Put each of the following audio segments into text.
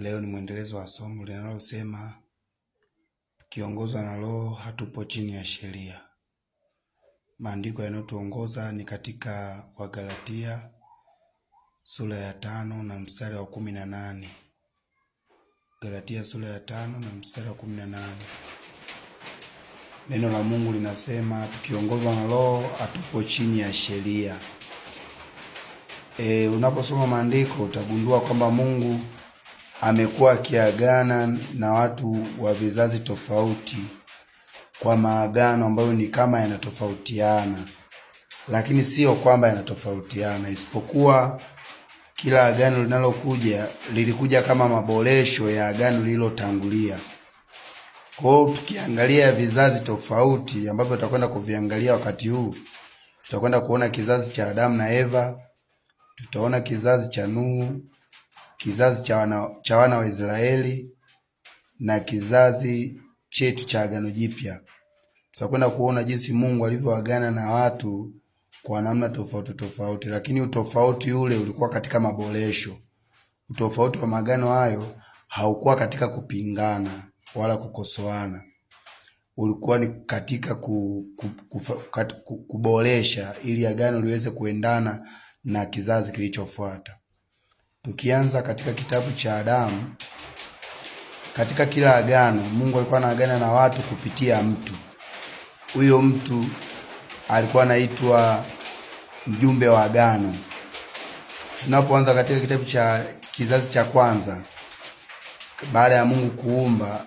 Leo ni mwendelezo wa somo linalosema tukiongozwa na Roho hatupo chini ya sheria. Maandiko yanayotuongoza ni katika Wagalatia sura ya tano na mstari wa kumi na nane. Galatia sura ya tano na mstari wa kumi na nane. Neno la Mungu linasema tukiongozwa na Roho hatupo chini ya sheria. E, unaposoma maandiko utagundua kwamba Mungu amekuwa akiagana na watu wa vizazi tofauti kwa maagano ambayo ni kama yanatofautiana, lakini sio kwamba yanatofautiana, isipokuwa kila agano linalokuja lilikuja kama maboresho ya agano lililotangulia. Kwa hiyo tukiangalia vizazi tofauti ambavyo tutakwenda kuviangalia wakati huu, tutakwenda kuona kizazi cha Adamu na Eva, tutaona kizazi cha Nuhu kizazi cha wana wa Israeli na kizazi chetu cha Agano Jipya. Tutakwenda kuona jinsi Mungu alivyoagana na watu kwa namna tofauti tofauti, lakini utofauti ule ulikuwa katika maboresho. Utofauti wa maagano hayo haukuwa katika kupingana wala kukosoana, ulikuwa ni katika ku, ku, ku, ku, ku, kuboresha ili agano liweze kuendana na kizazi kilichofuata tukianza katika kitabu cha Adamu, katika kila agano Mungu alikuwa anaagana na watu kupitia mtu. Huyo mtu alikuwa anaitwa mjumbe wa agano. Tunapoanza katika kitabu cha kizazi cha kwanza, baada ya Mungu kuumba,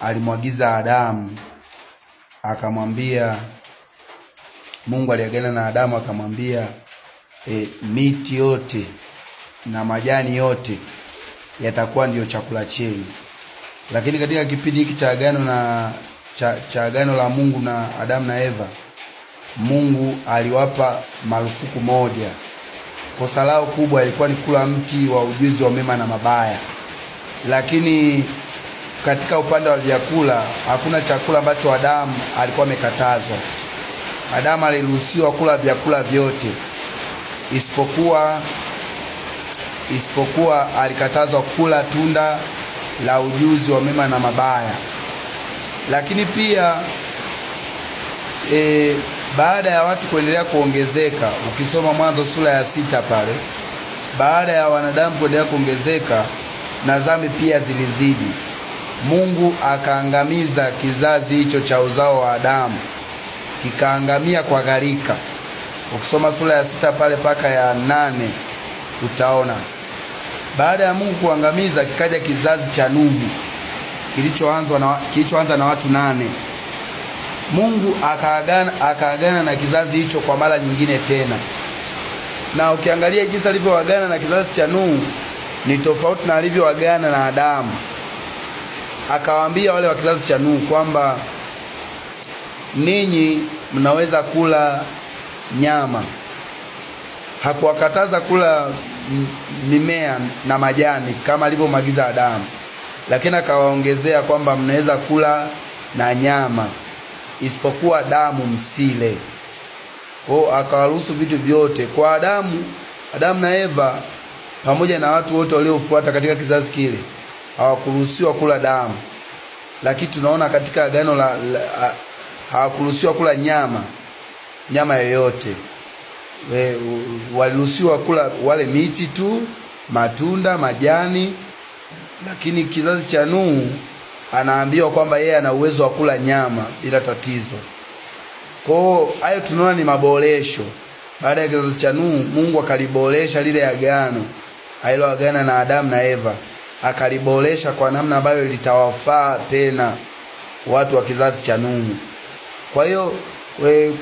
alimwagiza Adamu, akamwambia Mungu aliagana na Adamu akamwambia e, miti yote na majani yote yatakuwa ndiyo chakula chenu. Lakini katika kipindi hiki cha agano na cha, cha agano la Mungu na Adamu na Eva, Mungu aliwapa marufuku moja. Kosa lao kubwa ilikuwa ni kula mti wa ujuzi wa mema na mabaya, lakini katika upande wa vyakula hakuna chakula ambacho Adamu alikuwa amekatazwa. Adamu aliruhusiwa kula vyakula vyote isipokuwa isipokuwa alikatazwa kula tunda la ujuzi wa mema na mabaya. Lakini pia e, baada ya watu kuendelea kuongezeka, ukisoma Mwanzo sura ya sita pale, baada ya wanadamu kuendelea kuongezeka na dhambi pia zilizidi, Mungu akaangamiza kizazi hicho cha uzao wa Adamu, kikaangamia kwa gharika. Ukisoma sura ya sita pale mpaka ya nane utaona baada ya Mungu kuangamiza kikaja kizazi cha Nuhu kilichoanza na, kilichoanza na watu nane. Mungu akaagana, akaagana na kizazi hicho kwa mara nyingine tena, na ukiangalia jinsi alivyoagana na kizazi cha Nuhu ni tofauti na alivyoagana na Adamu. Akawaambia wale wa kizazi cha Nuhu kwamba ninyi mnaweza kula nyama, hakuwakataza kula mimea na majani kama alivyomwagiza Adamu, lakini akawaongezea kwamba mnaweza kula na nyama, isipokuwa damu msile. Kwao akawaruhusu vitu vyote kwa Adamu. Adamu na Eva pamoja na watu wote waliofuata katika kizazi kile hawakuruhusiwa kula damu, lakini tunaona katika agano la, la hawakuruhusiwa kula nyama nyama yoyote. Waliruhusiwa kula wale miti tu, matunda, majani, lakini kizazi cha Nuhu anaambiwa kwamba yeye ana uwezo wa kula nyama bila tatizo. Kwa hiyo hayo tunaona ni maboresho. Baada ya kizazi cha Nuhu, Mungu akaliboresha lile agano aliloagana na Adamu na Eva, akaliboresha kwa namna ambayo litawafaa tena watu wa kizazi cha Nuhu. Kwa hiyo we,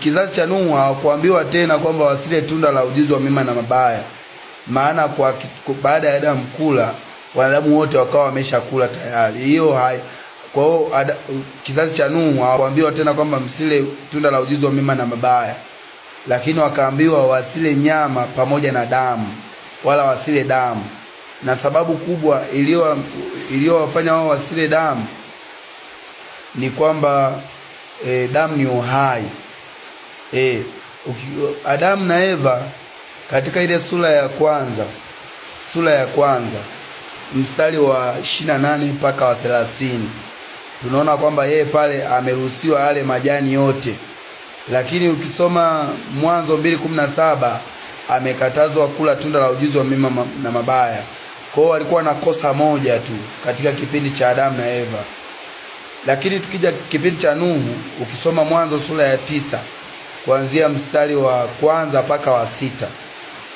kizazi cha Nuhu hawakuambiwa tena kwamba wasile tunda la ujuzi wa mema na mabaya, maana kwa baada ya Adamu kula wanadamu wote wakawa wameshakula tayari. Hiyo hai kwa hiyo kizazi cha Nuhu hawakuambiwa tena kwamba msile tunda la ujuzi wa mema na mabaya, lakini wakaambiwa wasile nyama pamoja na damu, wala wasile damu. Na sababu kubwa iliyo iliyowafanya wao wasile damu ni kwamba e, damu ni uhai e, Adamu na Eva katika ile sura ya kwanza sura ya kwanza mstari wa nane mpaka wa 30 tunaona kwamba yeye pale ameruhusiwa ale majani yote, lakini ukisoma Mwanzo 2:17 amekatazwa kula tunda la ujuzi wa mema na mabaya. Kwa hiyo walikuwa na kosa moja tu katika kipindi cha Adamu na Eva. Lakini tukija kipindi cha Nuhu, ukisoma Mwanzo sura ya tisa kuanzia mstari wa kwanza mpaka wa sita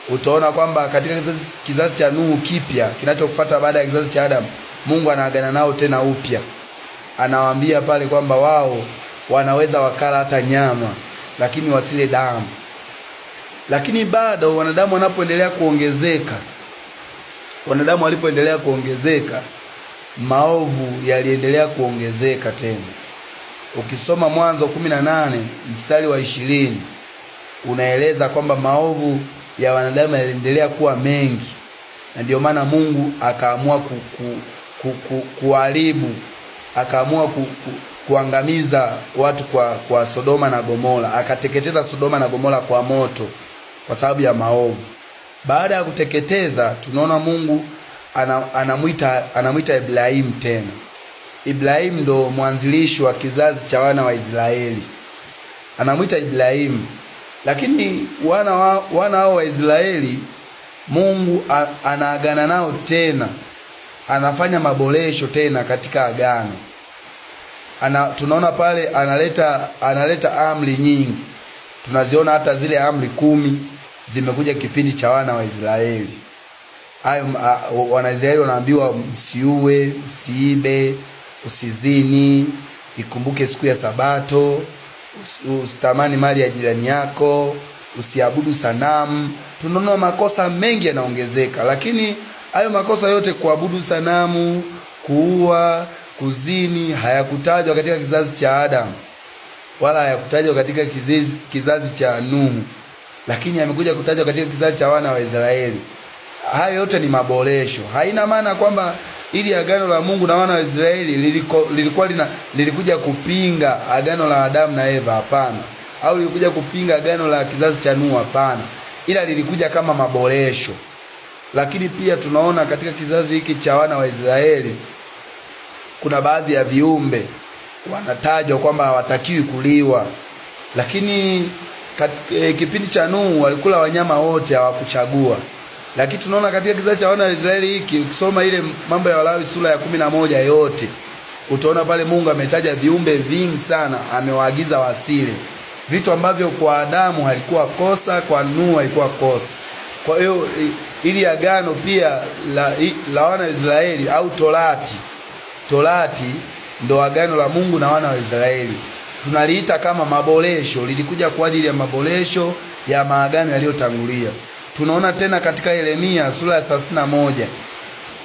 utaona kwamba katika kizazi, kizazi cha Nuhu kipya kinachofuata baada ya kizazi cha Adamu, Mungu anaagana nao tena upya, anawaambia pale kwamba wao wanaweza wakala hata nyama lakini wasile damu. Lakini bado wanadamu wanapoendelea kuongezeka, wanadamu walipoendelea kuongezeka maovu yaliendelea kuongezeka tena. Ukisoma Mwanzo nane mstari wa ishirini unaeleza kwamba maovu ya wanadamu yaliendelea kuwa mengi, na ndiyo maana Mungu akaamua ku, ku, ku, ku, kuharibu akaamua ku, ku, kuangamiza watu kwa, kwa Sodoma na Gomora, akateketeza Sodoma na Gomora kwa moto kwa sababu ya maovu. Baada ya kuteketeza, tunaona Mungu anamwita anamwita Ibrahim tena. Ibrahim ndo mwanzilishi wa kizazi cha wana wa Israeli, anamwita Ibrahim, lakini wana hao wana wa Israeli Mungu anaagana nao tena, anafanya maboresho tena katika agano. Ana, tunaona pale analeta analeta amri nyingi, tunaziona hata zile amri kumi zimekuja kipindi cha wana wa Israeli hayo uh, Wanaisraeli wanaambiwa msiue, msiibe, usizini, ikumbuke siku ya Sabato, usitamani mali ya jirani yako, usiabudu sanamu. Tunaona makosa mengi yanaongezeka, lakini hayo makosa yote, kuabudu sanamu, kuua, kuzini, hayakutajwa katika kizazi cha Adamu wala hayakutajwa katika kizazi, kizazi cha Nuhu, lakini yamekuja kutajwa katika kizazi cha wana wa Israeli hayo yote ni maboresho. Haina maana kwamba ili agano la Mungu na wana wa Israeli lilikuwa lina, lilikuja kupinga agano la Adamu na Eva, hapana, au lilikuja kupinga agano la kizazi cha Nuhu, hapana, ila lilikuja kama maboresho. Lakini pia tunaona katika kizazi hiki cha wana wa Israeli kuna baadhi ya viumbe wanatajwa kwamba hawatakiwi kuliwa, lakini katika, e, eh, kipindi cha Nuhu walikula wanyama wote, hawakuchagua. Lakini tunaona katika kizazi cha wana wa Israeli hiki, ukisoma ile mambo ya Walawi sura ya kumi na moja yote utaona pale Mungu ametaja viumbe vingi sana, amewaagiza wasile vitu ambavyo kwa Adamu halikuwa kosa, kwa Nuhu halikuwa kosa. Kwa hiyo ili agano pia la, la wana wa Israeli au Torati, Torati ndo agano la Mungu na wana wa Israeli tunaliita kama maboresho, lilikuja kwa ajili ya maboresho ya maagano yaliyotangulia tunaona tena katika Yeremia sura ya moja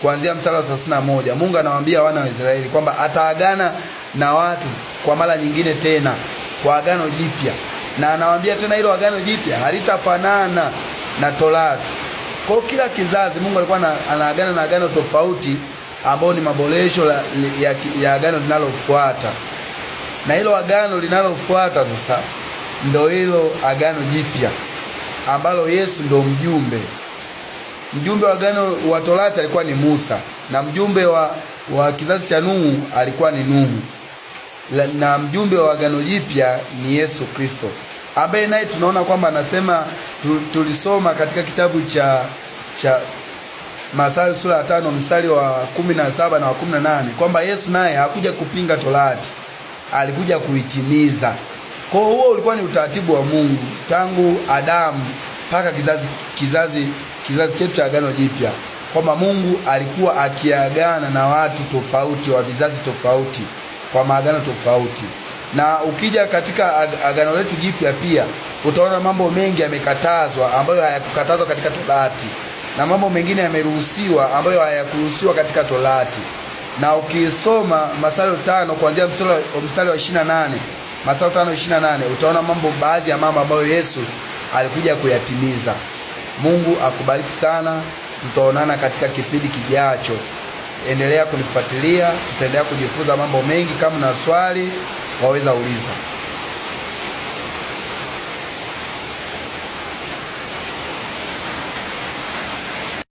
kuanzia mstari wa moja Mungu anawaambia wana wa Israeli kwamba ataagana na watu kwa mara nyingine tena kwa agano jipya, na anawaambia tena hilo agano jipya halitafanana na Torati. Kwa kila kizazi Mungu alikuwa anaagana na agano tofauti ambao ni maboresho ya, ya, ya agano linalofuata, na hilo agano linalofuata sasa ndio hilo agano jipya ambalo Yesu ndo mjumbe. Mjumbe wa gano wa Torati alikuwa ni Musa, na mjumbe wa, wa kizazi cha Nuhu alikuwa ni Nuhu, na mjumbe wa gano jipya ni Yesu Kristo, ambaye naye tunaona kwamba anasema, tulisoma katika kitabu cha cha Mathayo sura ya tano mstari wa kumi na saba na wa kumi na nane kwamba Yesu naye hakuja kupinga Torati, alikuja kuitimiza. Kwa huo ulikuwa ni utaratibu wa Mungu tangu Adamu mpaka kizazi, kizazi, kizazi chetu cha Agano Jipya, kwamba Mungu alikuwa akiagana na watu tofauti wa vizazi tofauti kwa maagano tofauti. Na ukija katika ag agano letu jipya pia utaona mambo mengi yamekatazwa ambayo hayakukatazwa katika Torati na mambo mengine yameruhusiwa ambayo hayakuruhusiwa katika Torati. Na ukisoma Mathayo tano kuanzia mstari wa 28 Mathayo 5:28 utaona mambo, baadhi ya mambo ambayo Yesu alikuja kuyatimiza. Mungu akubariki sana, tutaonana katika kipindi kijacho. Endelea kunifuatilia, tutaendelea kujifunza mambo mengi. Kama na swali waweza uliza.